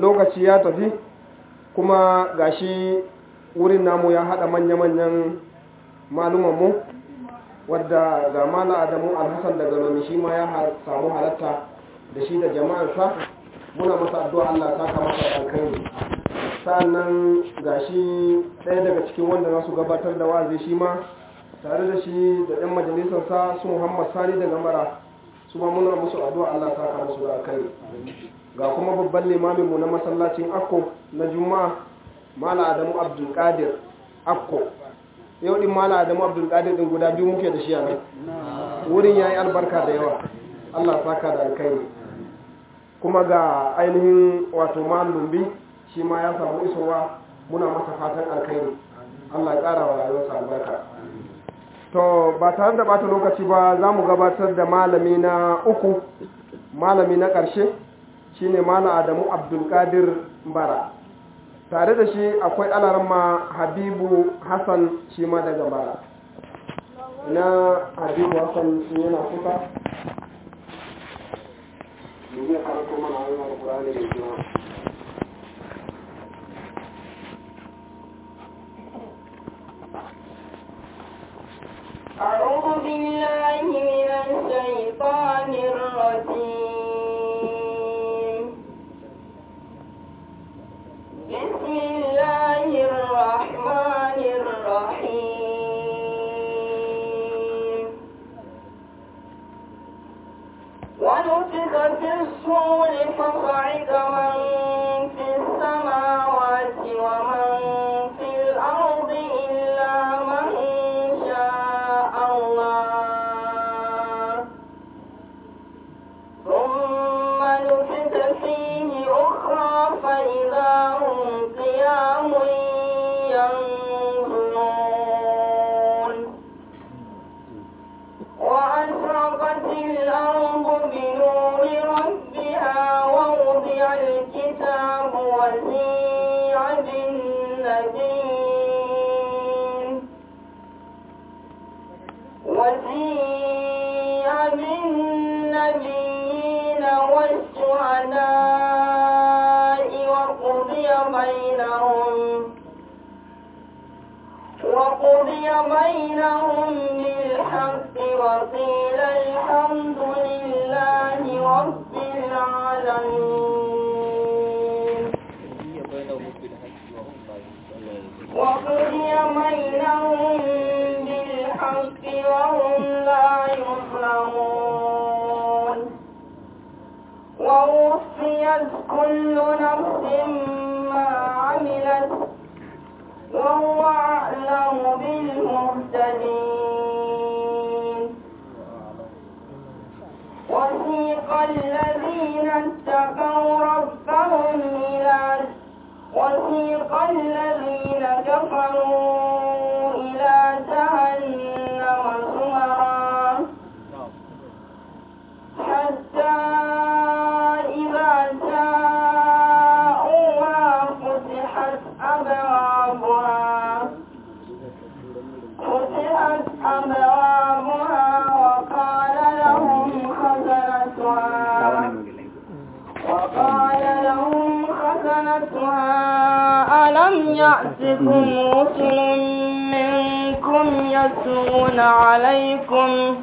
lokaci ya tafi kuma gashi wurin namu ya haɗa manya-manyan malumanmu wadda ga mala adamu alhassan daga nomi shi ma ya samu halatta da shi da jama'arsa muna masa addu'a allah ta kamata da alkhairi sa'annan gashi ɗaya daga cikin wanda za su gabatar da wa'azi shi ma tare da shi da ɗan majalisarsa su muhammad sani daga mara su ma muna musu addu'a allah ta kamata da alkhairi ga kuma babban limamin mu na masallacin akko na juma'a mala adamu abdul qadir akko yau din mala adamu abdul qadir din guda biyu muke da shi a nan wurin yayi albarka da yawa Allah saka da alkhairi kuma ga ainihin wato malam lumbi shi ma ya samu isowa muna masa fatan alkhairi Allah ya kara wa rayuwarsa albarka to ba tare da bata lokaci ba za mu gabatar da malami na uku malami na ƙarshe shine mala adamu abdulkadir bara tare da shi akwai alarma habibu hassan shi ma daga bara na habibu hassan yana kuka Yanzu karatu mana hanyar ne da jiwa. الشهداء وقضي بينهم وقضي بينهم بالحق وقيل الحمد لله رب العالمين وقضي بينهم ووفيت كل نفس ما عملت وهو أعلم بالمهتدين وثيق الذين اتقوا ربهم إلى وثيق الذين كفروا ألم يأتكم رسل منكم يتلون عليكم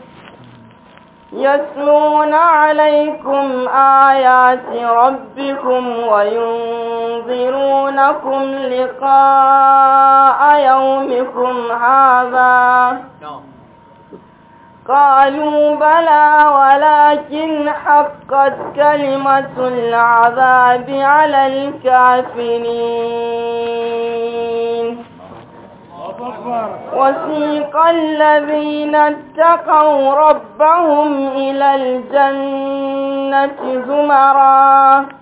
يتلون عليكم آيات ربكم وينذرونكم لقاء يومكم هذا نعم. قالوا بلى ولكن حقت كلمة العذاب على الكافرين وسيق الذين اتقوا ربهم إلى الجنة زمرًا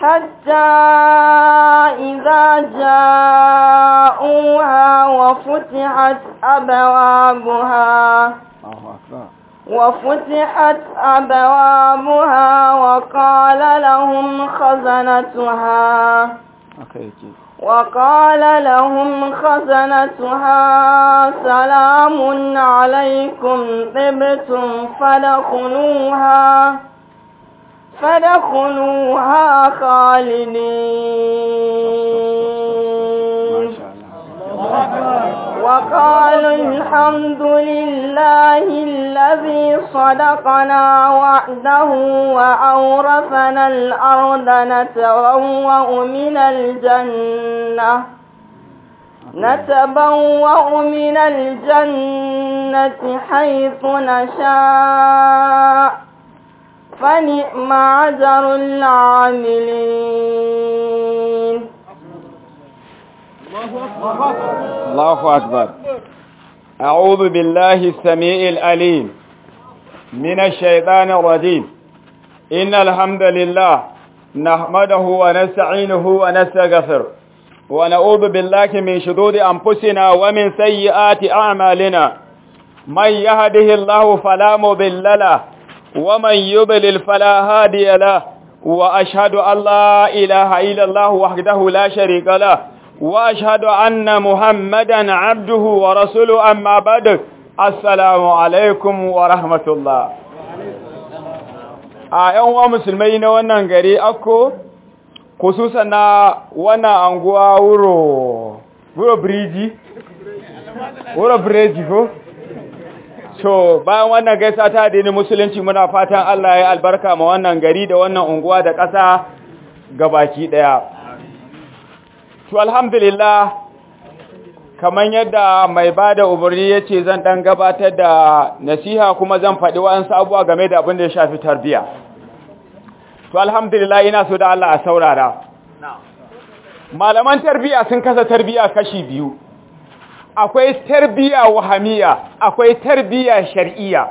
حتى إذا جاءوها وفتحت أبوابها وفتحت أبوابها وقال لهم خزنتها وقال لهم خزنتها سلام عليكم طبتم فدخلوها فدخلوها خالدين وقالوا الحمد لله الذي صدقنا وعده وأورثنا الأرض نتبوأ من الجنة نتبوأ من الجنة حيث نشاء فنعم عذر العاملين الله أكبر أعوذ بالله السميع الأليم من الشيطان الرجيم إن الحمد لله نحمده ونستعينه ونستغفره ونعوذ بالله من شدود أنفسنا ومن سيئات أعمالنا من يهده الله فلا مضل له ومن يضلل فلا هادي له وأشهد أن لا إله إلا الله وحده لا شريك له وأشهد أن محمدا عبده ورسوله أما بعد السلام عليكم ورحمة الله a ‘yan uwa musulmai na wannan gari akko kususa na wannan anguwa wuro wuro biriji wuro biriji ko To, bayan wannan gaisa ta addinin musulunci muna fatan Allah ya albarka ma wannan gari da wannan unguwa da ƙasa gabaki ɗaya. To, alhamdulillah, kamar yadda mai ba da umarni ya ce zan ɗan gabatar da nasiha kuma zan faɗi wa'ansu abuwa game da abin da ya shafi tarbiyya. To, alhamdulillah ina so da Allah a saurara. Malaman tarbiyya sun kasa tarbiyya kashi biyu. akwai tarbiya wahamiya akwai tarbiya shar'iyya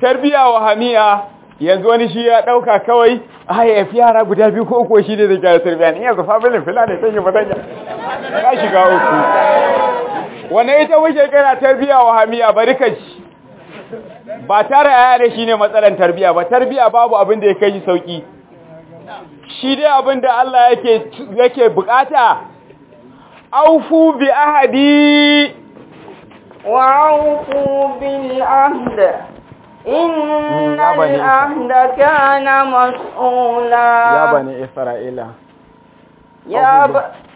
tarbiya wahamiya yanzu wani shi ya dauka kawai a ah, ya fi yara guda biyu ko uku shi ne da gyara tarbiya ne yanzu familin ne sai ya fadanya ka shiga uku wani ita wuce kana tarbiya wahamiya bari ka ci ba tare yaya shi shine matsalan tarbiya ba tarbiya babu abin da ya kai sauki shi dai abin da Allah yake yake bukata aufu bi ahadi wa aufu bil ahd innal ahd kana mas'ula ya bani isra'ila ya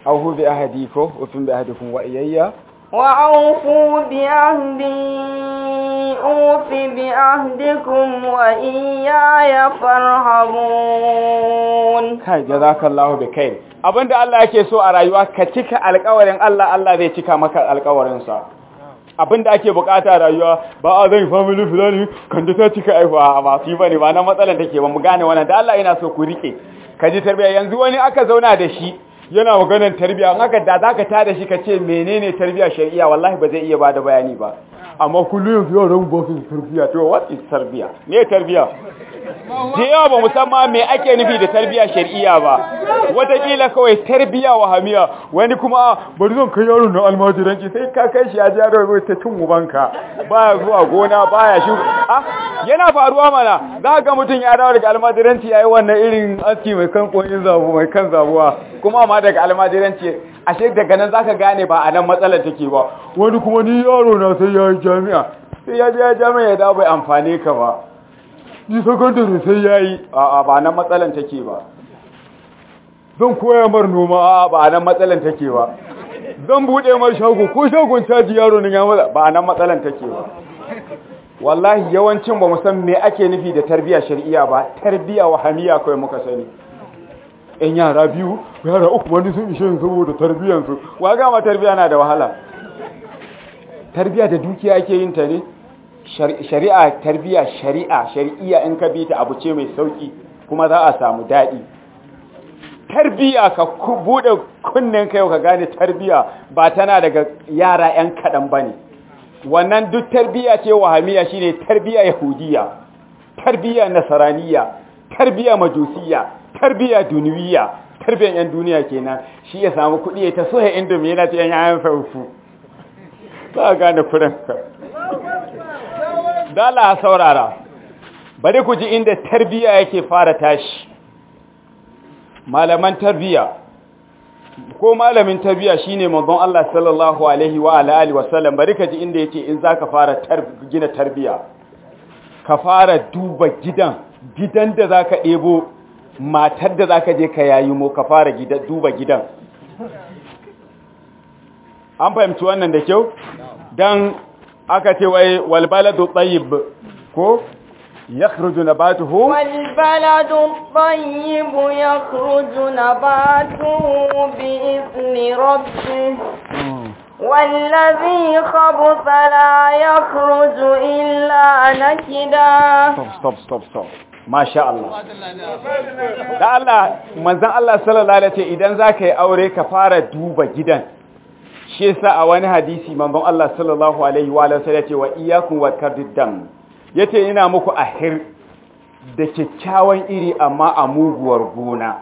aufu bi ahadi ko ufin bi ahadikum wa iyayya wa aufu bi ahdi ufi bi ahdikum wa iyaya farhamun kai jazakallahu bi khair da Allah yake so a rayuwa ka cika alƙawarin Allah Allah zai cika maka alƙawarinsa da ake bukata a rayuwa ba a zai family filani, kan ta cika aihuwa ba su yi bane ba na matsalan take ba mu gane wannan da Allah yana so ku rike ka ji tarbiyya yanzu wani aka zauna da shi yana maganar tarbiya an haka da zaka tada shi kace menene tarbiya shari'a wallahi ba zai iya bada bayani ba amma kullum yau ran gofin tarbiya to what is tarbiya me tarbiya da yawa ba musamman me ake nufi da tarbiya shari'a ba watakila kawai tarbiya wahamiya wani kuma ah, bari zan kai yaro na almajiranci sai ka kai shi a ji yaro ta tun ubanka baya zuwa gona baya shi ah yana faruwa mana za ga mutum ya dawo daga almajiranci yayi wannan irin aski mai kan koyin zabu mai kan zabuwa kuma daga almajiranci ashe daga nan zaka gane ba a nan matsalar take ba wani kuma ni yaro na sai ya yi jami'a sai ya biya jami'a ya dawo bai amfane ka ba ni sakandare sai ya yi a'a ba nan matsalar take ba zan koya mar noma a'a ba nan matsalar take ba zan buɗe mar shago ko shagon caji yaro nan ya maza ba nan matsalar take ba wallahi yawancin ba mu san me ake nufi da tarbiya shari'a ba tarbiya wahamiyya kawai muka sani yan yara biyu yara uku wani sun ishe saboda tarbiyyansu wa gama tarbiyya na da wahala tarbiyya da dukiya ke yin ta ne shari'a tarbiyya shari'a shari'iya, in ka bi ta abu ce mai sauki kuma za a samu daɗi tarbiyya ka buɗe kunnen kai ka gane tarbiyya ba tana daga yara 'yan kaɗan ba ne wannan duk tarbiyya ce wahamiya ne tarbiyya yahudiya tarbiyya nasaraniya tarbiyya majusiya tarbiya duniya tarbiyan yan duniya kenan shi ya samu kuɗi ya ta soya indomi yana ta yayin farfu ba a gane kuren ka dala saurara bari ku ji inda tarbiya yake fara tashi malaman tarbiya ko malamin tarbiya shine manzon Allah sallallahu alaihi wa alihi wa sallam bari ka ji inda yake in zaka fara gina tarbiya ka fara duba gidan gidan da zaka debo matar da za ka je ka yayi mo ka fara duba gidan an fahimci wannan da kyau don aka ce wai walbaladu tsayib ko ya kruju na batu hu walbaladu tsayib ya kruju na batu bi isni rabbi والذي hmm. خبث لا يخرج إلا نكدا stop, stop, stop, stop. masha Allah da Allah manzan Allah sallallahu alaihi wasallam idan zaka yi aure ka fara duba gidan shi yasa a wani hadisi manzon Allah sallallahu alaihi wa sallam yace wa iyyakum wa kadiddam yace ina muku ahir da kyakkyawan iri amma a muguwar gona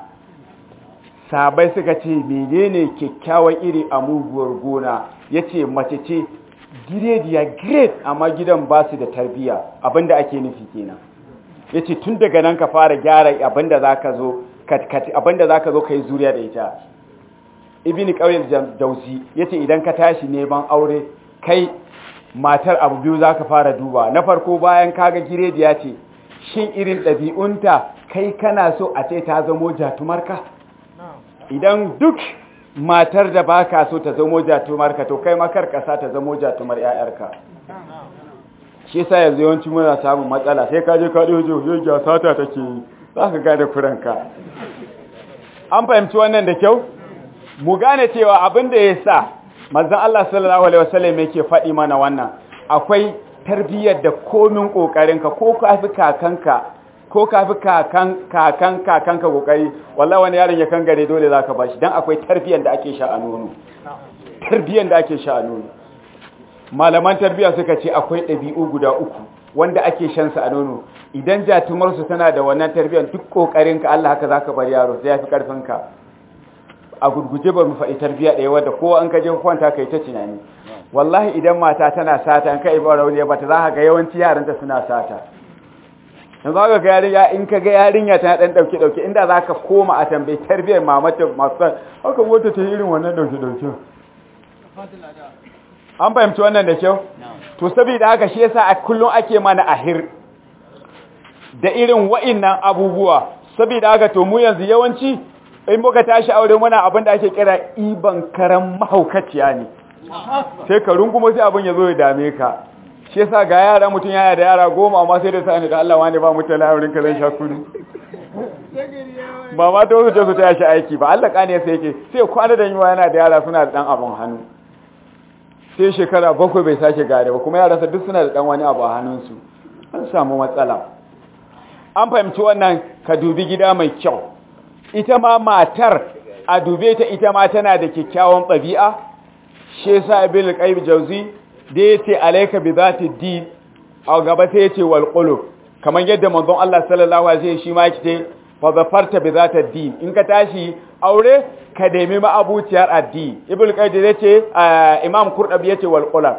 sabai suka ce menene kyakkyawan iri a muguwar gona yace mace ce ya grade amma gidan ba su da tarbiya abinda ake nufi kenan ya ce tun daga nan ka fara gyara abinda za ka zo ka yi zuriya da ita ibini ƙauyen dausi ya ce idan ka tashi neman aure kai matar abu biyu za ka fara duba na farko bayan kaga girediya ce shin irin ɗabi'unta kai kana so a ce ta zamo jatumarka idan duk matar da ba ka so ta zamo jatumarka to kai makar ƙasa ta zamo jatumar 'ya'yarka shi sa yanzu yawancin muna samun matsala sai ka je ka ɗi hujjo hujjo sata take yi za ka gane kuranka an fahimci wannan da kyau mu gane cewa abin da ya sa mazan Allah sallallahu alaihi wasallam yake faɗi mana wannan akwai tarbiyyar da komin ƙoƙarinka ko fi kakanka ko fi kakan kakan kakanka ƙoƙari wallahi wani yaron ya kan gare dole za ka bashi dan akwai tarbiyyar da ake sha a nono tarbiyyar da ake sha a nono malaman tarbiyya suka ce akwai ɗabi'u guda uku wanda ake shansa a nono idan jatumarsu tana da wannan tarbiyan duk ƙoƙarinka Allah haka za ka bar yaro sai ya fi ƙarfinka a gurguje ba mu faɗi tarbiyya ɗaya wadda kowa an kaje kwanta ka kai ta tunani wallahi idan mata tana sata an ka ibar rauni ba ta za ka ga yawanci yaranta suna sata in za ka ga yarinya in ka ga yarinya tana ɗan ɗauke ɗauke inda za ka koma a tambayi tarbiyar mamata masu haka wata ta irin wannan ɗauke ɗauke an fahimci wannan da kyau to saboda haka shi yasa a kullum ake mana ahir da irin wa'innan abubuwa saboda haka to mu yanzu yawanci in muka tashi aure muna abin da ake kira iban karan mahaukaciya ne sai ka rungumo sai abin ya zo ya dame ka shi yasa ga yara mutum yana da yara goma amma sai da sani da Allah wani ba mutum laurin karen shakuri ba ma ta wasu su ta aiki ba Allah ƙane sai yake sai kwana da yi wa yana da yara suna da ɗan abin hannu sai shekara bakwai bai sake gare ba kuma yaransa duk suna da dan wani abu a hannunsu an samu matsala an fahimci wannan ka dubi gida mai kyau ita ma matar a dube ta ita ma tana da kyakkyawan ɗabi'a shi yasa ibn qayyim jauzi da yace alayka bi zati din a gaba sai yace wal qulub kamar yadda manzon Allah sallallahu alaihi wasallam shi ma yake fa farta, bi zata din in ka tashi aure ka nemi ma'abuciyar addini ibnu qayyim yace imam kurdabi yace wal qulan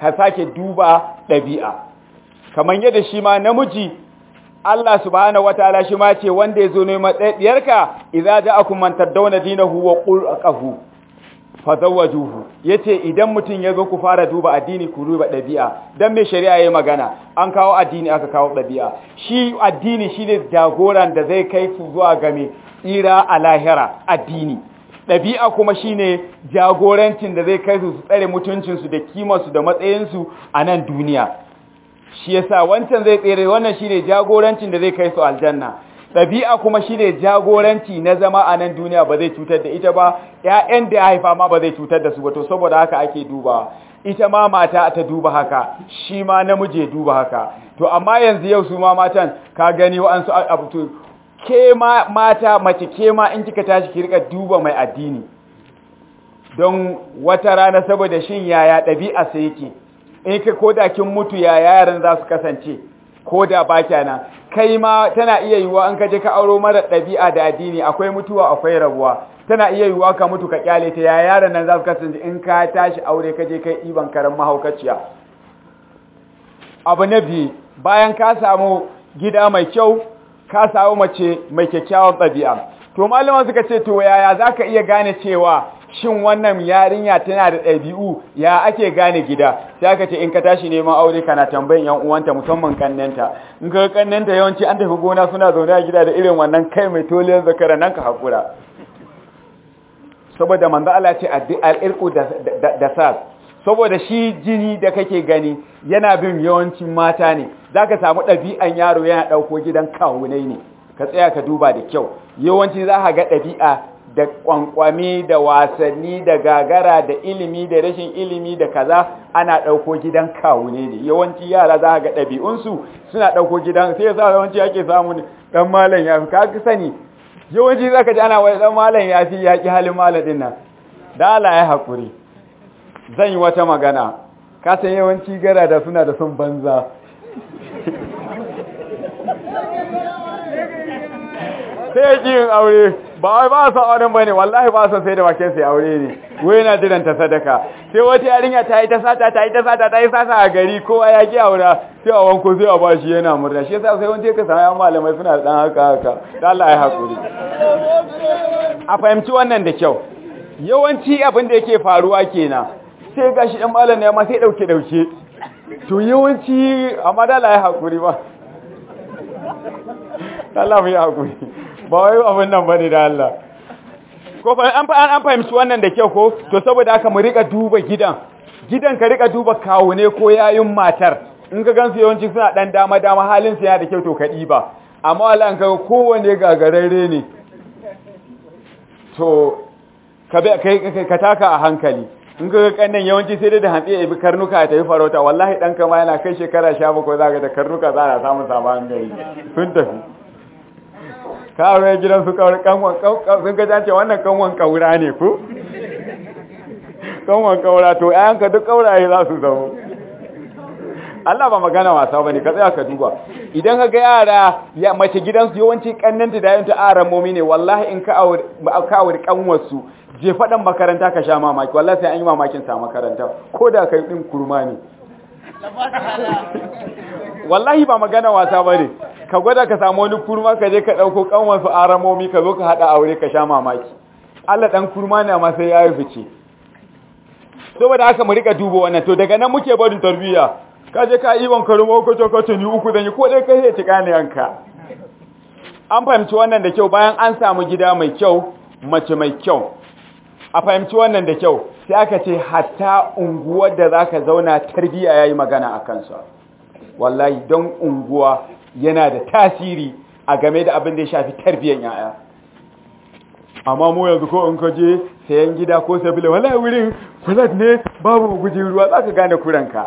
ka sake duba dabi'a Kamar yadda shi ma namiji Allah subhanahu wataala shi ma ce wanda ya yazo ne matsayiyarka idza ja'akum man tadawna dinahu wa qul aqahu fazawwajuhu yace idan mutun yazo ku fara duba addini ku duba dabi'a dan me shari'a yayi magana an kawo addini aka kawo dabi'a shi addini shine jagoran da zai kai ku zuwa game tsira a lahira addini ɗabi'a kuma shine jagorancin da zai kai su su tsare mutuncinsu da su da matsayinsu a nan duniya shi yasa wancan zai tsere wannan shine jagorancin da zai kai su aljanna ɗabi'a kuma shi ne jagoranci na zama a nan duniya ba zai cutar da ita ba Ya'yan da ya haifa ma ba zai cutar da su ba to saboda haka ake duba ita ma mata ta duba haka shi ma namiji duba haka to amma yanzu yau su ma matan ka gani wa'ansu abutu ke ma mata mace ke ma in kika tashi ki rika duba mai addini don wata rana saboda shin yaya ɗabi'a sai yake in ka koda kin mutu yaya yaran za su kasance ko da ba kyana kai ma tana iya yiwuwa an kaje ka auro mara ɗabi'a da addini akwai mutuwa akwai rabuwa tana iya yiwuwa ka mutu ka kyale ta ya yaran nan za su kasance in ka tashi aure ka je kai iban karan mahaukaciya abu na biyu bayan ka samu gida mai kyau ka samu mace mai kyakkyawan ɗabi'a to malama suka ce to yaya za ka iya gane cewa shin wannan yarinya tana da ɗabi'u ya ake gane gida sai aka ce in ka tashi neman aure kana tambayin yan uwanta musamman kannenta in ka kannenta yawanci an tafi gona suna zaune a gida da irin wannan kai mai toliyar zakara nan ka hakura saboda manzo Allah ce al-irqu da sas saboda shi jini da kake gani yana bin yawancin mata ne zaka samu ɗabi'an yaro yana ɗauko gidan kawunai ne ka tsaya ka duba da kyau yawanci za ka ga ɗabi'a da kwankwami da wasanni da gagara da ilimi da rashin ilimi da kaza ana ɗauko gidan kawu ne ne yawanci yara za ga ɗabi'unsu suna ɗauko gidan sai yasa yawanci ake samu ne ɗan malam ya fi ka sani yawanci za ka ji ana wani ɗan malam ya fi yaƙi halin malam din nan da ala ya haƙuri zan yi wata magana ka san yawanci gara da suna da son banza sai ji yin aure ba wai ba sa aure bane wallahi ba sa sai da bakin sai aure ne wai na jiran ta sadaka sai wata yarinya ta yi ta sata ta yi ta sata ta yi sata a gari kowa ya ki aura sai a wanko sai a bashi yana murna shi yasa sai wanda ka samu yan malamai suna dan haka haka da Allah ya hakuri a fahimci wannan da kyau yawanci abin da yake faruwa kenan sai gashi dan malam ne ma sai dauke dauke to yawanci amma da Allah ya hakuri ba Allah mu yi hakuri ba wai abin nan bane da Allah ko an an fahimci wannan da kyau ko to saboda aka mu rika duba gidan gidan ka rika duba kawune ko yayin matar in ka gansu yawanci suna dan dama dama halin su yana da kyau to ka diba amma Allah an ga kowanne gagararre ne to ka ka taka a hankali in ga kannan yawanci sai dai da hantsi ya bi karnuka ya tafi farauta wallahi dan kama yana kai shekara 17 zaka da karnuka za ka samu sabon gari sun tafi ka aure gidan su kanwan sun gaja ce wannan kanwan kaura ne ku kanwan kaura to ayanka duk kauraye za su zama Allah ba magana wasa bane ka tsaya ka duba idan ka ga yara ya mace gidansu yawanci kannanta da yanta aran momi ne wallahi in ka aure kanwarsu je fadan makaranta ka sha mamaki wallahi sai an yi mamakin sa makaranta ko da kai din kurma ne wallahi ba magana wasa bane ka gwada ka samu wani kurma ka je ka ɗauko ƙanwar su aramomi ka zo ka haɗa aure ka sha mamaki Allah ɗan kurma ne amma sai ya yi fice saboda aka mu rika duba wannan to daga nan muke barin tarbiyya ka je ka iwon karumo kwato kwato yi uku zan yi ko dai ka yanka an fahimci wannan da kyau bayan an samu gida mai kyau mace mai kyau a fahimci wannan da kyau sai aka ce hatta unguwar da za ka zauna tarbiyya ya yi magana a kansa wallahi don unguwa yana da tasiri a game da abin da ya shafi tarbiyyar yaya amma mu yanzu ko in kaje sayan gida ko sabila wala wurin kulat ne babu guji ruwa zaka gane kuranka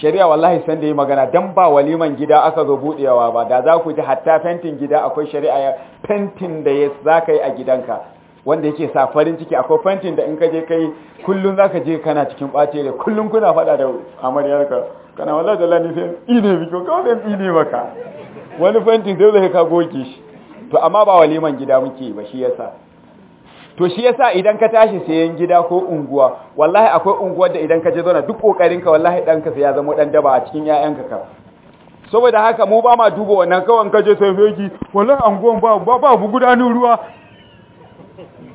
shari'a wallahi san da yi magana dan ba waliman gida aka zo budewa ba da za ku ji hatta fentin gida akwai shari'a ya fentin da ya zaka yi a gidanka wanda yake sa farin ciki akwai fentin da in kaje kai kullun zaka je kana cikin bace da kullun kuna fada da amaryarka kana wala da lani sai ine biko kawai sai ine maka wani fantin sai zai ka goke shi to amma ba waliman gida muke ba shi yasa to shi yasa idan ka tashi sayan gida ko unguwa wallahi akwai unguwar da idan ka je zauna duk kokarin ka wallahi dan ka sai ya zama dan daba a cikin yayan ka saboda haka mu ba ma duba wannan kawan ka je sai feki wallahi anguwan ba ba ba gudanin ruwa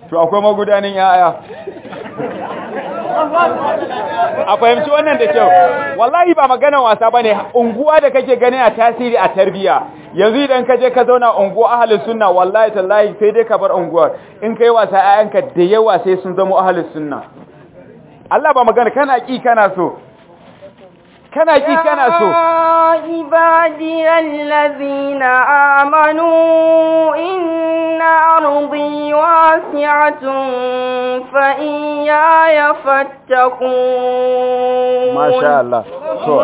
to akwai magudanin 'ya'ya. a fahimci wannan da kyau wallahi ba maganar wasa bane unguwa da kake gani a tasiri a tarbiya yanzu idan ka je ka zauna unguwa ahalin sunna wallahi tallahi sai dai ka bar unguwar in kai wasa ayanka da yawa sai sun zama ahalin sunna Allah ba magana kana ki kana so kana ki kana so ibadi allazina amanu inna ardi wasi'atun fa iyaya fattaqun masha Allah to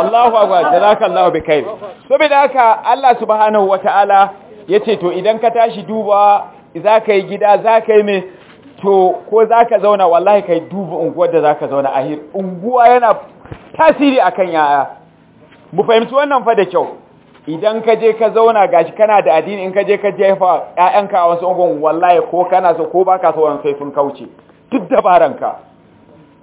Allahu akbar jazakallahu bikair saboda haka Allah subhanahu wataala yace to idan ka tashi duba ka yi gida ka yi me to ko zaka zauna wallahi kai duba unguwar da zaka zauna ahir unguwa yana tasiri a kan yaya mu fahimci wannan fa da kyau idan ka je ka zauna ga shi kana da addini in ka je ka jefa 'ya'yanka a wasu ungun wallahi ko kana so ko ba ka so wani sai kauce duk dabaranka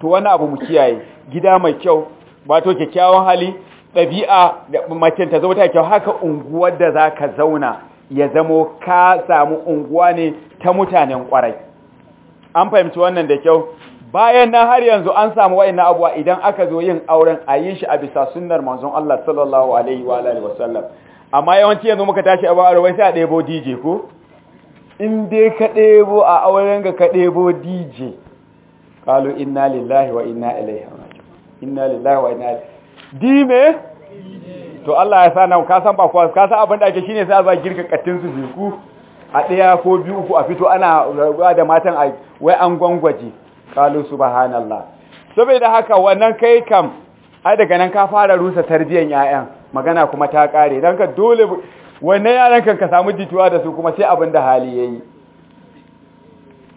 to wani abu mu kiyaye gida mai kyau wato kyakkyawan hali ɗabi'a da macen ta zama ta kyau haka unguwar da za ka zauna ya zamo ka samu unguwa ne ta mutanen ƙwarai an fahimci wannan da kyau bayan nan har yanzu an samu wayannan abuwa idan aka zo yin auren a yi shi a bisa sunnar manzon Allah sallallahu alaihi wa alihi wasallam amma yawanci yanzu muka tashi a ba'ar wai sai a ɗebo DJ ko in dai ka ɗebo a auren ga ka ɗebo DJ qalu inna lillahi wa inna ilaihi raji'un inna lillahi wa inna ilaihi me to Allah ya sa nan ka san ba kwa ka san abin da ake shine sai a ba girka kattin su a daya ko biyu uku a fito ana rabuwa da matan a wai an gwangwaje kalu subhanallah saboda haka wannan kai kam ai daga nan ka fara rusa tarbiyan yayan magana kuma ta kare dan ka dole wannan yaran kan ka samu jituwa da su kuma sai abin da hali yayi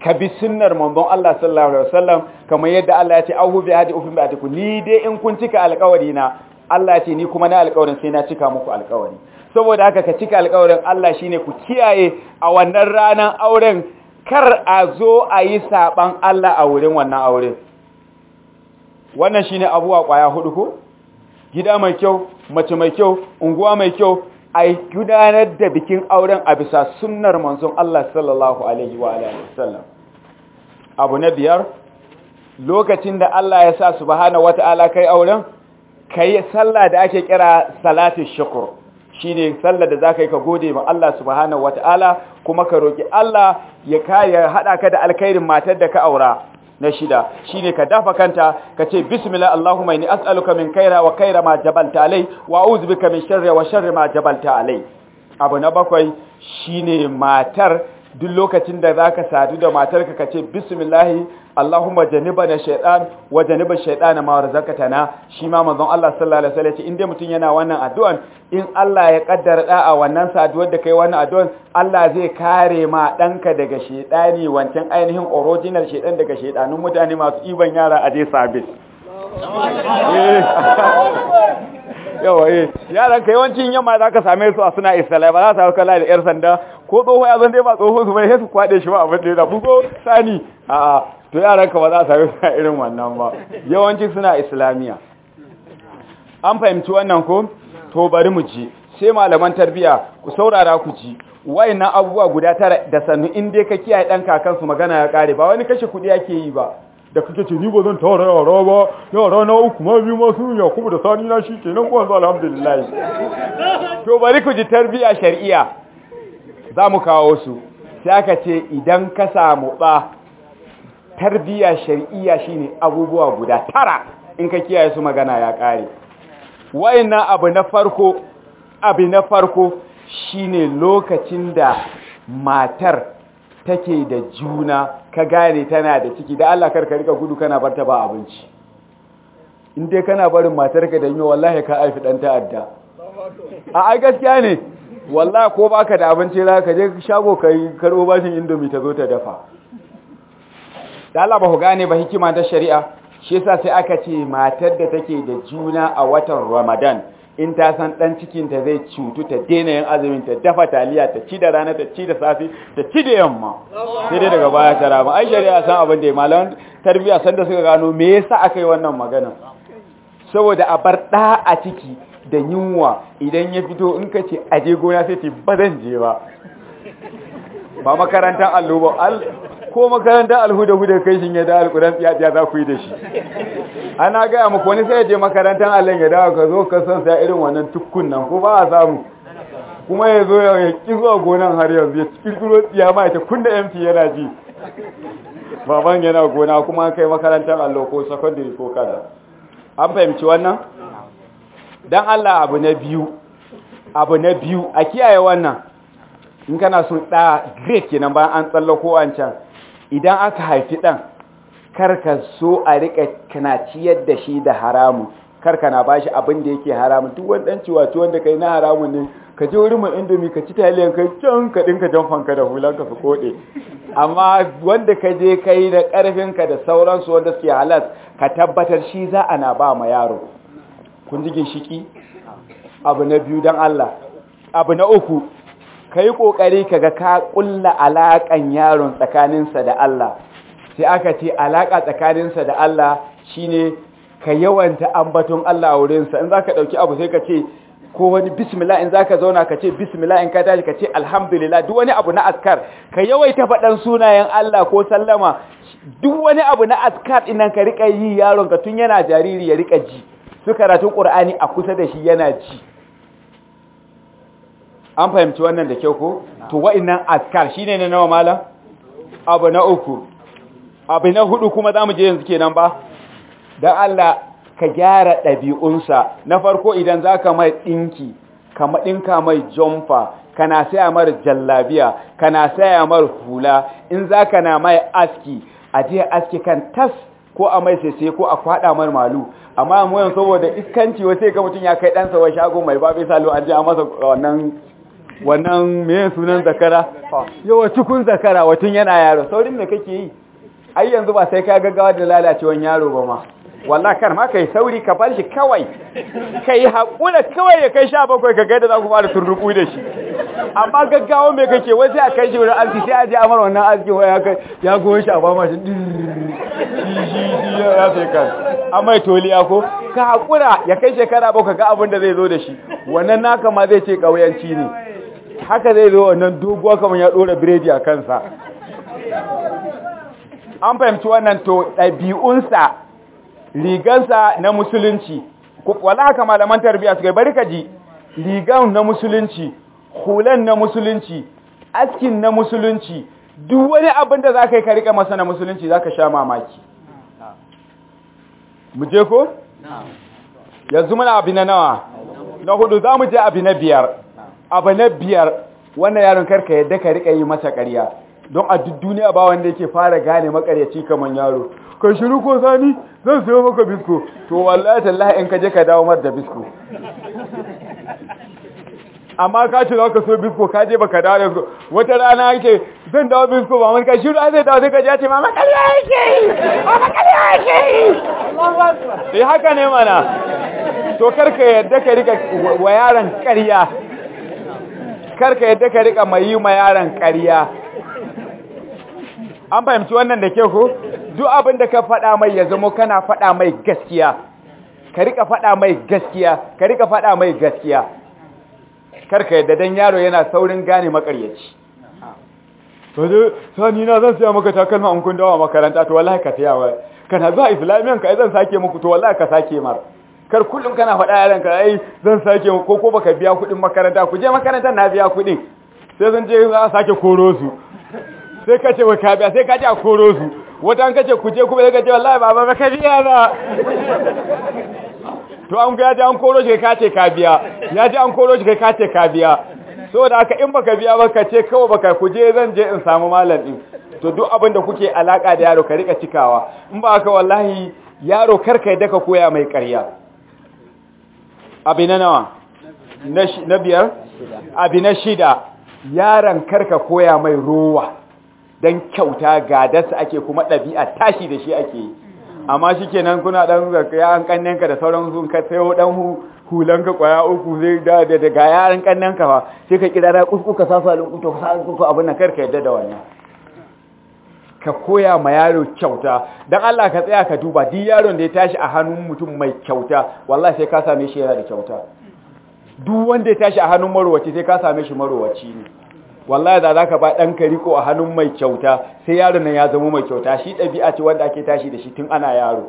ka bi sunnar manzon Allah sallallahu alaihi wasallam kamar yadda Allah ya ce ahu bi hadi ufin bi ni dai in kun cika alƙawari na Allah ya ce ni kuma na alƙawarin sai na cika muku alƙawari saboda haka ka cika alƙawarin Allah shine ku kiyaye a wannan ranan auren kar a zo a yi saɓan Allah a wurin wannan aure wannan shi ne abuwa ƙwaya hudu ko gida mai kyau mace mai kyau unguwa mai kyau a gudanar da bikin auren a bisa sunar manzon Allah sallallahu alaihi wa sallam abu na biyar lokacin da Allah ya sa su wata ala kai auren ka yi sallah da ake kira salatu shukur. shine sallar da zaka yi ka gode ma Allah subhanahu wataala kuma ka roki Allah ya kaya haɗa ka da alkhairin matar da ka aura na shida shine ka dafa kanta ka ce bismillah allahumma ni as'aluka min kaira wa kaira ma jabalta alai wa a'udhu min shirya wa shirya ma jabalta alai abu na bakwai shi ne matar duk lokacin da za ka sadu da matarka ka ce bismillah Allahumma janibana shaytan wa janibash shaytana ma razaqtana shi ma manzon Allah sallallahu alaihi wasallam in dai mutun yana wannan addu'an in Allah ya kaddara da a wannan saduwar da kai wannan addu'an Allah zai kare ma danka daga shaytani wancan ainihin original shaytan daga shaytanun mutane masu iban yara a je sabis yawa eh yaran kai yawancin yamma zaka same su a suna istalai ba za su hauka da yar sanda ko tsoho ya zan dai ba tsoho su bai sai su kwaɗe shi ba abin da yana bugo sani a to yaran ka ba za a sami suna irin wannan ba yawanci suna islamiya an fahimci wannan ko to bari mu ji sai malaman tarbiya ku saurara ku ci wayannan abubuwa guda tara da sannu in dai ka kiyaye dan kakan su magana ya kare ba wani kashe kuɗi yake yi ba da kake ce ni ba zan tara yara ba yara na uku ma biyu ma sun yakubu da sani na shi kenan kuwa alhamdulillah to bari ku ji tarbiya shari'a za mu kawo su sai aka ce idan ka samu ba tarbiya shari'iyya shine abubuwa guda tara in ka kiyaye su magana ya kare wayannan abu na farko abu na farko shine lokacin da matar take da juna ka gane tana da ciki da Allah karka rika gudu kana barta ba abinci in dai kana barin matarka da yiwa wallahi ka aifi dan ta'adda a ai gaskiya ne Walla ko ba ka da abinci za ka je shago ka yi karɓo bashin indomi ta zo ta dafa da Allah ba ku gane ba hikima ta shari'a shi yasa sai aka ce matar da take da juna a watan Ramadan in ta san dan cikin ta zai cutu ta daina yin azumin ta dafa taliya ta ci da rana ta ci da safi ta ci da yamma sai dai daga baya ta rama ai shari'a san abin da malaman tarbiyya san da suka gano me yasa aka yi wannan magana saboda a bar da a ciki da yunwa idan ya fito in ka ce aje gona sai ce ba zan je ba ba makarantar allo ba ko makarantar alhuda-huda kai shi ya da alkudan za ku yi da shi ana gaya muku wani sai ya je makarantar allon ya dawo ka zo ka san sa irin wannan tukkun nan ko ba a samu kuma ya zo ya ki zuwa gonan har yanzu ya kirkiro tsiya ma ita kunda mp yana ji baban yana gona kuma kai makarantar allo ko secondary ko kada an fahimci wannan don Allah abu na biyu abu na biyu a kiyaye wannan in kana so ɗa great kenan bayan an tsallako an can idan aka haifi ɗan karka so a riƙa kana ciyar da shi da haramu karka na bashi abin da yake haramun duk wani ɗan ciwa tuwon da kai na haramu ne ka je wurin mai indomi ka ci taliyan kai can ka ɗinka jan fanka da hulan ka fi koɗe amma wanda ka je kai da ƙarfinka da sauransu wanda suke halas ka tabbatar shi za a na ba ma yaro kun ji ginshiki abu na biyu don Allah abu na uku ka yi ƙoƙari ka ga ka ƙulla alaƙan yaron tsakaninsa da Allah sai aka ce alaƙa tsakaninsa da Allah shine ka yawanta ambaton Allah wurinsa in za ka ɗauki abu sai ka ce ko wani bismillah in za ka zauna ka ce bismillah in ka tashi ka ce alhamdulillah duk wani abu na askar ka yawaita faɗan sunayen Allah ko sallama duk wani abu na askar ɗin ka riƙa yi yaron tun yana jariri ya riƙa ji su karatun Kur'ani a kusa da shi yana ci an fahimci wannan da kyau ko to wa'annan askar shi ne nawa malam abu na uku abu na hudu kuma za mu je yanzu kenan ba Don Allah ka gyara ɗabi'unsa na farko idan zaka mai ɗinki kama dinka mai ka kana saya mar jallabiya kana saya mar hula in za ka na mai aski a je aski kan tas ko a mai sese ko a kwaɗa mar malu amma mu yanzu saboda iskanci wace ga mutum ya kai dan sa wa shago mai babe salo an ji a masa wannan wannan meye sunan zakara yawa cikin zakara watun yana yaro saurin me kake yi ai yanzu ba sai ka gaggawa da lalacewan yaro ba ma wallah kar ma kai sauri ka bar shi kawai kai haƙura kawai ya kai 17 ka ga da za ku fara turruku da shi amma gaggawa me kake wai sai a kai shi wurin aski sai a je amara wannan aski wai ya kai ya goyi shi a ba mashi ya sai kan amma ya ko ka hakura ya kai shekara ka ga abin da zai zo da shi wannan naka ma zai ce kauyanci ne haka zai zo wannan doguwa kamar ya dora biredi a kansa an fahimci wannan to ɗabi'unsa rigansa na musulunci wala haka malaman tarbiya su bari ka ji rigan na musulunci hulan na musulunci askin na musulunci duk wani abin da za ka yi ka riƙa masa na musulunci za ka sha mamaki mu je ko? yanzu mana abu na nawa na hudu za mu je abu na biyar abu na biyar wannan yaron karka yadda ka riƙa yi masa ƙarya don a duk duniya ba wanda yake fara gane makaryaci kaman yaro ka shiru ko sani zan sayo maka bisko to wallahi tallahi in ka je ka dawo mar da bisko amma ka ce za ka so bisko ka je baka dawo da bisko wata rana yake zan dawo bisko ba ka shiru a zai dawo sai ka ji ce mama kariya yake yi mama yake yi eh haka ne mana to karka yadda ka rika wa yaron karya karka yadda ka rika mai yi ma yaron karya an fahimci wannan da ke ku duk abin da ka faɗa mai ya zama kana faɗa mai gaskiya ka rika faɗa mai gaskiya ka rika faɗa mai gaskiya karka yadda dan yaro yana saurin gane makaryaci to sani na zan siya maka takalma an kun dawa makaranta to wallahi ka siya wa kana zuwa islamiyan ka zan sake muku to wallahi ka sake mar kar kullum kana faɗa yaran ka ai zan sake ko ko baka biya kuɗin makaranta ku je makarantar na biya kuɗin sai zan je za a sake koro su sai kace wa ka biya sai kace a koro su wata an kace ku je kuma sai ka ce wallahi baba ba ka biya na to an ga an koro shi ka ce ya ji an koro shi ka ce ka saboda haka in baka biya ba ka ce kawai baka ku je zan je in samu malam din to duk abin da kuke alaka da yaro ka rika cikawa in ba haka wallahi yaro karka yadda ka koya mai ƙarya abi na nawa na biyar abi na shida yaron karka koya mai ruwa. dan kyauta ga dasa ake kuma ɗabi'a tashi da shi ake yi amma shi kenan kuna ɗan zakaya an ƙannenka da sauran sun ka sayo ɗan hulanka ƙwaya uku zai da da daga yaran ƙannenka ba sai ka ƙidara ƙusku ka sasa ƙuto ka sasa ƙuto abin nan karka yadda da wani ka koya ma yaro kyauta don Allah ka tsaya ka duba duk yaron da ya tashi a hannun mutum mai kyauta wallah sai ka same shi yana da kyauta duk wanda ya tashi a hannun marowaci sai ka same shi marowaci ne wallahi da zaka ba dan ka riko a hannun mai kyauta sai yaron nan ya zama mai kyauta shi dabi'a ce wanda ake tashi da shi tun ana yaro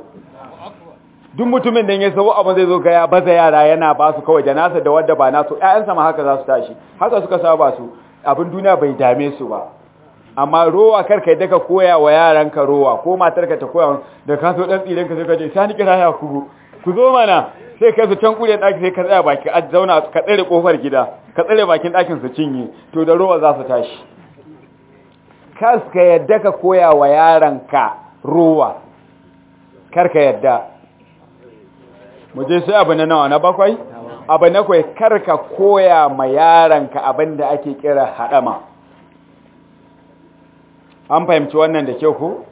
duk mutumin da ya sabo abin zai zo ga ya baza yara yana ba su kawai da nasa da wanda ba nasu ƴaƴansa ma haka za su tashi haka suka saba su abin duniya bai dame su ba amma rowa kar yi daga koya wa yaranka rowa ko matarka ta koya da ka so dan tsirenka sai ka je sani kira ya ku ku zo mana sai ka su can kure daki sai ka tsaya baki a zauna ka tsare kofar gida ka tsare bakin ɗakin su cinye to da ruwa za su tashi kas ka yadda ka koya wa yaranka ruwa. kar ka yadda mu je sai abu na nawa na bakwai abu na kwai kar ka koya ma yaranka abin da ake kira haɗama an fahimci wannan da ke ku.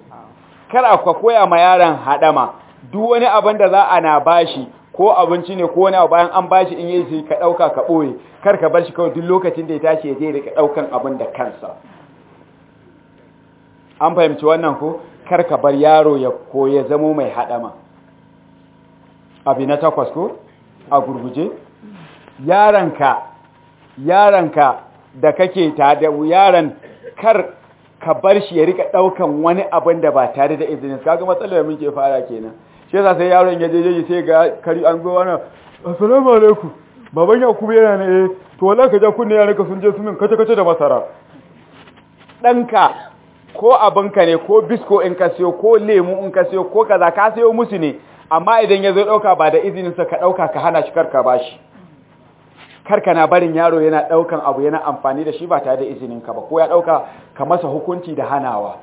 kar a koya ma yaran haɗama duk wani abin da za a na bashi ko abinci ne ko wani abu bayan an bashi in yi ka dauka ka ɓoye, kar ka bar shi kawai duk lokacin da ya tashi ya je da ɗaukan abin da kansa an fahimci wannan ko kar ka bar yaro ya ko ya zamo mai haɗama abi na takwas ko a gurguje yaranka yaranka da kake ta da yaran kar ka bar shi ya rika ɗaukan wani abin da ba tare da izinin kaga matsalar mun ke fara kenan shi yasa sai yaron ya jeje sai ga kari an zo wannan assalamu alaikum baban yakubu yana ne eh, to wallahi ka ja kunne yana ka sun je sunin kace kace da masara danka ko abinka ne ko bisko in ka siyo ko lemu in ka siyo ko kaza ka siyo musu ne amma idan ya zo dauka ba da izinin sa ka ɗauka ka hana shi karka ba shi karka na barin yaro yana ɗaukan abu yana amfani da shi ba tare da izinin ka ba ko ya ɗauka ka masa hukunci da hanawa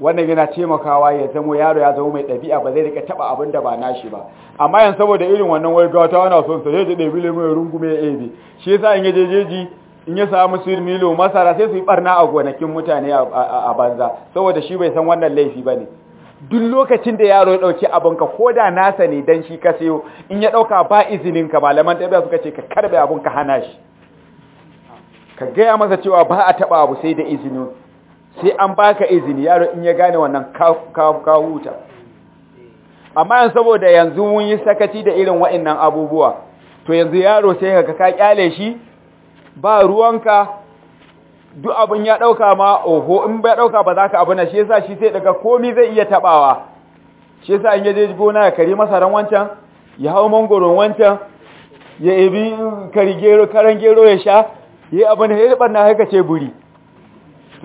wannan yana taimakawa ya zama yaro ya zama mai ɗabi'a ba zai rika taɓa abin da ba nashi ba amma yan saboda irin wannan wargawa ta wani son sai ji ɗabi mai rungume ya ebe shi yasa in yaje jeji in ya samu sir milo masara sai su yi barna a gonakin mutane a banza saboda shi bai san wannan laifi ba ne duk lokacin da yaro ya ɗauki ka, ko da nasa ne dan shi ka sayo in ya ɗauka ba izinin ka malaman ɗabi'a suka ce ka karɓe ka hana shi ka gaya masa cewa ba a taɓa abu sai da izinin sai an baka izini yaro in ya gane wannan kawuta amma yanzu saboda yanzu mun yi sakaci da irin wa'annan abubuwa to yanzu yaro sai ka ka kyale shi ba ruwanka duk abin ya dauka ma oho in ya dauka ba zaka ka abu shi yasa shi sai daga komi zai iya tabawa shi yasa in ya je gona ya kari masaran wancan ya hau mangoron wancan ya ebi karigero karan gero ya sha yi abin da ya na haka ce buri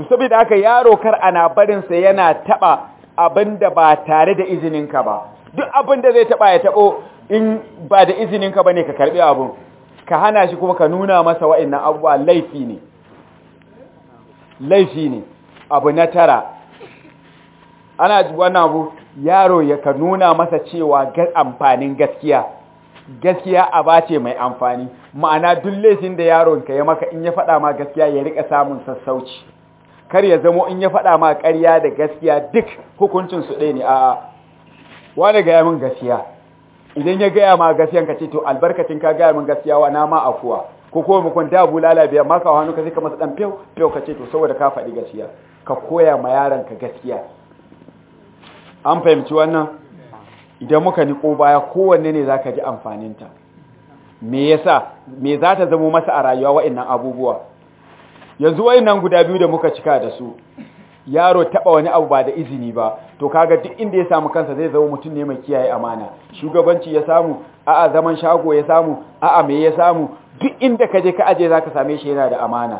to saboda haka yaro kar ana barin sa yana taba abinda ba tare da izinin ka ba duk abinda zai taba ya tabo in ba da izinin ka bane ka karbi abu ka hana shi kuma ka nuna masa wa'annan abubuwa laifi ne laifi ne abu na tara ana ji wannan abu yaro ya ka nuna masa cewa amfanin gaskiya gaskiya a bace mai amfani ma'ana duk laifin da yaron ka ya maka in ya faɗa ma gaskiya ya rika samun sassauci kar ya zamo in ya faɗa ma ƙarya da gaskiya duk hukuncin ɗaya ne a wani gaya min gaskiya idan ya gaya ma gaskiyan ka ce to albarkacin ka gaya min gaskiya wa na ma afuwa ko kuma mukun da abu lalabiya ma ka hannu ka sai ka masa dan fiyo fiyo ka ce to saboda ka faɗi gaskiya ka koya ma yaron ka gaskiya an fahimci wannan idan muka niko baya kowanne ne zaka ji amfaninta me yasa me za ta zamo masa a rayuwa wa'annan abubuwa yanzu nan guda biyu da muka cika da su yaro taba wani abu ba da izini ba to kaga duk inda ya samu kansa zai zama mutum ne mai kiyaye amana shugabanci ya samu a'a zaman shago ya samu a'a me ya samu duk inda ka je ka aje zaka same shi yana da amana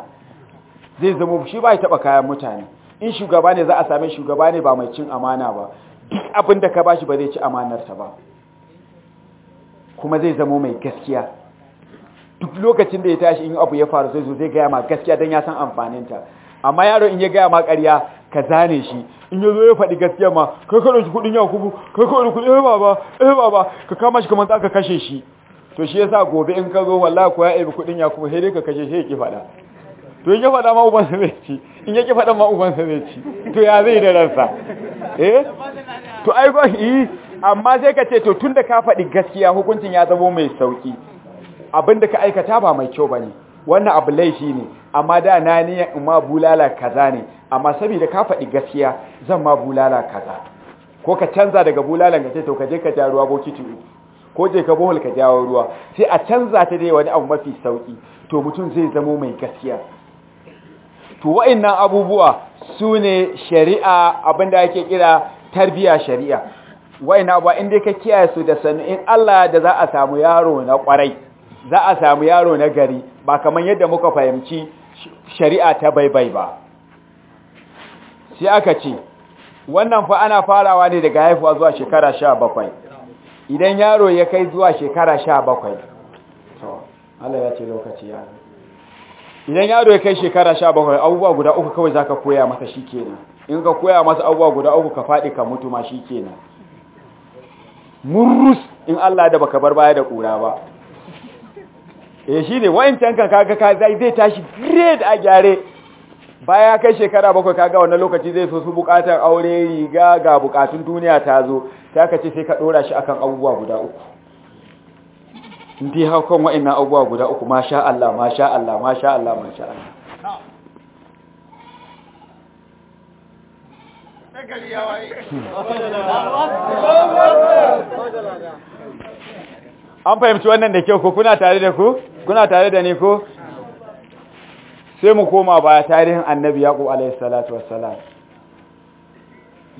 zai zama shi ba ya taba kayan mutane in shugaba ne za a same shugaba ne ba mai cin amana ba duk abin da ka bashi ba zai ci amanar amanarsa ba kuma zai zama mai gaskiya duk lokacin da ya tashi in abu ya faru sai zo zai gaya ma gaskiya don ya san amfaninta amma yaro in ya gaya ma ƙarya ka zane shi in ya zo ya faɗi gaskiya ma kai ka ɗauki kuɗin yakubu kai ka ɗauki kuɗin eh baba eh baba ka kama shi kamar za ka kashe shi to shi yasa gobe in ka zo wallahi ko ya ɗebi kuɗin yakubu sai dai ka kashe shi ya ki faɗa to in ya faɗa ma sa zai ci in ya ki faɗa ma sa zai ci to ya zai da ransa eh to ai ba yi eh, amma sai ka ce to tunda ka faɗi gaskiya hukuncin ya zama mai sauki abin da ka aikata ba mai kyau ba ne wannan abu laifi ne amma da na niyan in ma bulala kaza ne amma saboda ka faɗi gaskiya zan ma bulala kaza ko ka canza daga bulalan ka ce to ka je ka ja ruwa bokiti ko je ka bohol ka jawo ruwa sai a canza ta dai wani abu mafi sauki to mutum zai zamo mai gaskiya to wa'annan abubuwa su ne shari'a abinda ake kira tarbiya shari'a wa'annan abubuwa inda ka kiyaye su da sannu in Allah da za a samu yaro na kwarai za a samu yaro na gari ba kamar yadda muka fahimci shari'a ta baibai ba sai aka ce wannan fa ana farawa ne daga haifuwa zuwa shekara sha bakwai idan yaro ya kai zuwa shekara sha bakwai Allah ya ce lokaci ya idan yaro ya kai shekara sha bakwai abubuwa guda uku kawai za ka koya masa shi kenan in ka koya masa abubuwa guda uku ka faɗi ka mutu ma shi kenan murrus in Allah da baka bar baya da ƙura ba e eh, shi ne wa'incan kan kaga ka zai tashi grade a gyare baya kai shekara bakwai kaga wannan lokaci zai so su bukatar aure riga ga bukatun duniya ta zo ta ka ce sai ka dora shi akan abubuwa guda uku ndi wa'in na abubuwa guda uku masha Allah masha Allah masha Allah masha Allah an fahimci wannan da kyau ko kuna tare da ku kuna tare da ni ko sai mu koma baya tarihin annabi yaqub alayhi salatu wassalam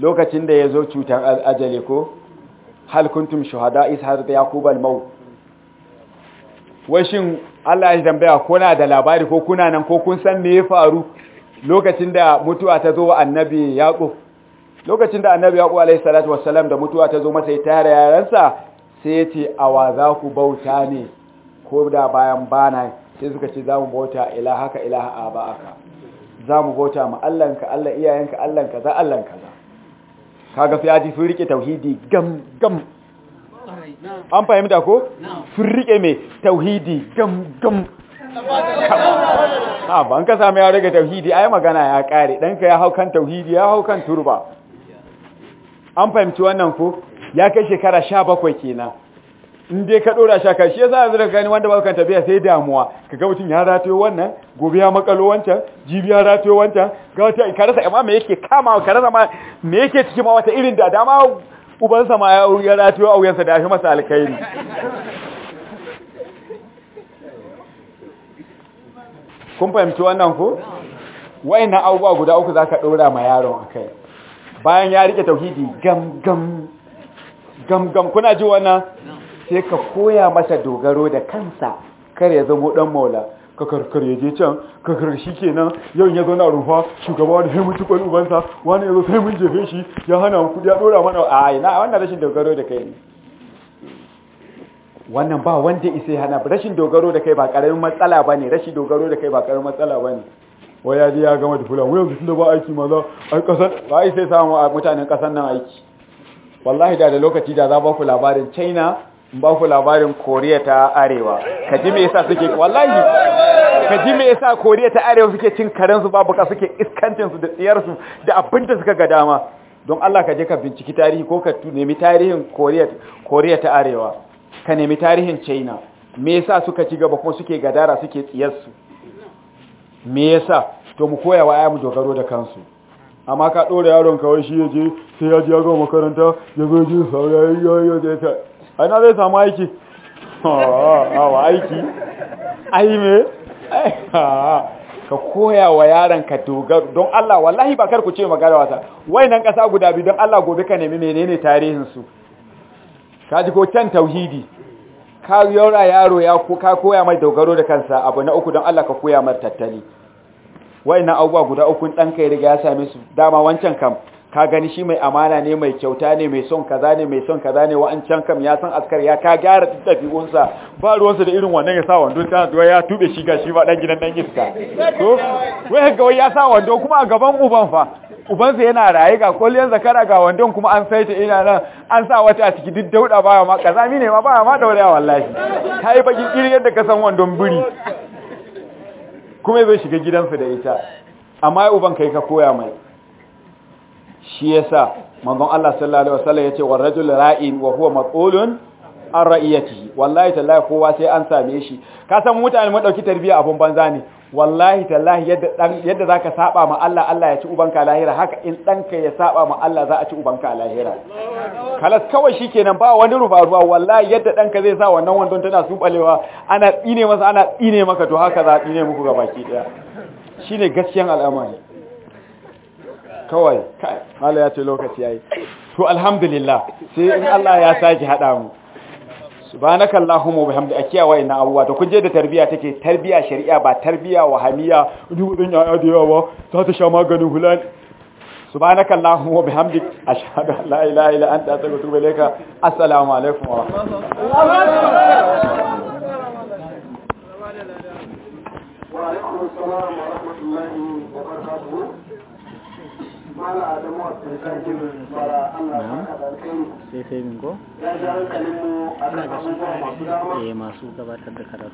lokacin da yazo cutar ajali ko hal kuntum shuhada is har da yaqub al-maut washin Allah ya tambaya kuna da labari ko kuna nan ko kun san me ya faru lokacin da mutuwa ta zo wa annabi yaqub lokacin da annabi yaqub alayhi salatu wassalam da mutuwa ta zo masa ya tare yaransa sai ya ce awa za ku bauta ne ko da bayan bana sai suka ce za mu bauta ilahaka ilaha aba'aka za mu bauta ma Allahnka Allah iyayenka Allahnka za Allahnka za kaga fi aji sun rike tauhidi gam gam an fahimta ko sun rike mai tauhidi gam gam ha ban ka sami ya rage tauhidi ai magana ya kare danka ya hau kan tauhidi ya hau kan turba an fahimci wannan ko ya kai shekara 17 kenan in dai ka dora shaka shi yasa yanzu daga gani wanda ba kan tabiya sai damuwa ga mutun ya ratayo wannan gobe ya makalo wancan jibi ya ratayo wancan ga wata ka rasa amma me yake kama ka rasa ma me yake cikin ma wata irin da dama uban sa ma ya ya ratayo a sa da shi masa alkhairi kun fahimci wannan ko wayannan abubuwa guda uku zaka dora ma yaron akai bayan ya rike tauhidi gam gam gam gam kuna ji wannan sai ka koya masa dogaro da kansa kar ya zama dan maula ka karkar ya je can ka karkar ke kenan yau ya zauna rufa shugaba da sai mun ci ubansa wani ya zo sai mun jefe shi ya hana mu kudi ya dora mana a ina wannan rashin dogaro da kai ne wannan ba wanda isai hana rashin dogaro da kai ba karamin matsala bane rashin dogaro da kai ba karamin matsala bane ne waya je ya gama da fulan wai yanzu ba aiki maza ai kasar ba ai sai samu mutanen kasar nan aiki wallahi da da lokaci da za ba ku labarin China ba ku labarin koriya ta arewa ka ji me yasa suke wallahi ka ji me yasa koriya ta arewa suke cin karensu babu ka suke iskancinsu da tsiyarsu da abinda suka ga dama don Allah ka je ka binciki tarihi ko ka nemi tarihin koriya ta arewa ka nemi tarihin china me yasa suka ci gaba kuma suke gadara suke tsiyarsu me yasa to mu koya wa ayyamu mu dogaro da kansu amma ka dora yaron kawai shi ya je sai ya je ya ga makaranta ya ga ji saurayi ya da ya aina zai samu aiki awa aiki ai me ka koya wa yaran ka don Allah wallahi ba kar ku ce magana wata wayannan kasa guda biyu don Allah gobe ka nemi menene tarihin su ji ko can tauhidi ka yaura yaro ya ko ka koya mai dogaro da kansa abu na uku don Allah ka koya mai tattali wayannan abubuwa guda uku dan kai riga ya same su dama wancan kam ka gani shi mai amana ne mai kyauta ne mai son kaza ne mai son kaza ne wa'ancan kam ya san askar ya ka gyara tafi'unsa ba ruwansa da irin wannan ya sa wando ta duwa ya tube shi ga shi ba dan gidan dan iska to wai ga wai ya sa wando kuma a gaban uban fa sa yana raye ga kolliyan zakara ga wandon kuma an saita ina nan an sa wata a ciki duk dauda baya ma kazami ne ma ba ma daure wallahi kai bakin iri yadda ka san wandon buri kuma bai shiga gidansa da ita amma uban kai ka koya mai shi yasa manzon Allah sallallahu alaihi wasallam yace war rajul ra'in wa huwa maqulun an ra'iyati wallahi tallahi kowa sai an same shi ka san mutane mu dauki tarbiya abun banza ne wallahi tallahi yadda dan yadda zaka saba ma Allah Allah ya ci ubanka lahira haka in danka ya saba ma Allah za a ci ubanka lahira kalas kawai shikenan ba wani rufa ruwa wallahi yadda danka zai sa wannan wandon tana subalewa ana tsine masa ana tsine maka to haka za a tsine muku gabaki daya shine gaskiyan al'amari kawai kai ya ce lokaci yayi to alhamdulillah sai in Allah ya saki hada mu subhanakallahu wa bihamdi akiya wa inna abuwa to kun je da tarbiya take tarbiya shari'a ba tarbiya wahamiya dubin ya da yawa za ta sha maganin hulal subhanakallahu wa bihamdi ashhadu an la ilaha illa anta astaghfiruka wa atubu assalamu alaikum wa rahmatullahi wa barakatuh sai sai ko ya ga masu masu gabatar da karatu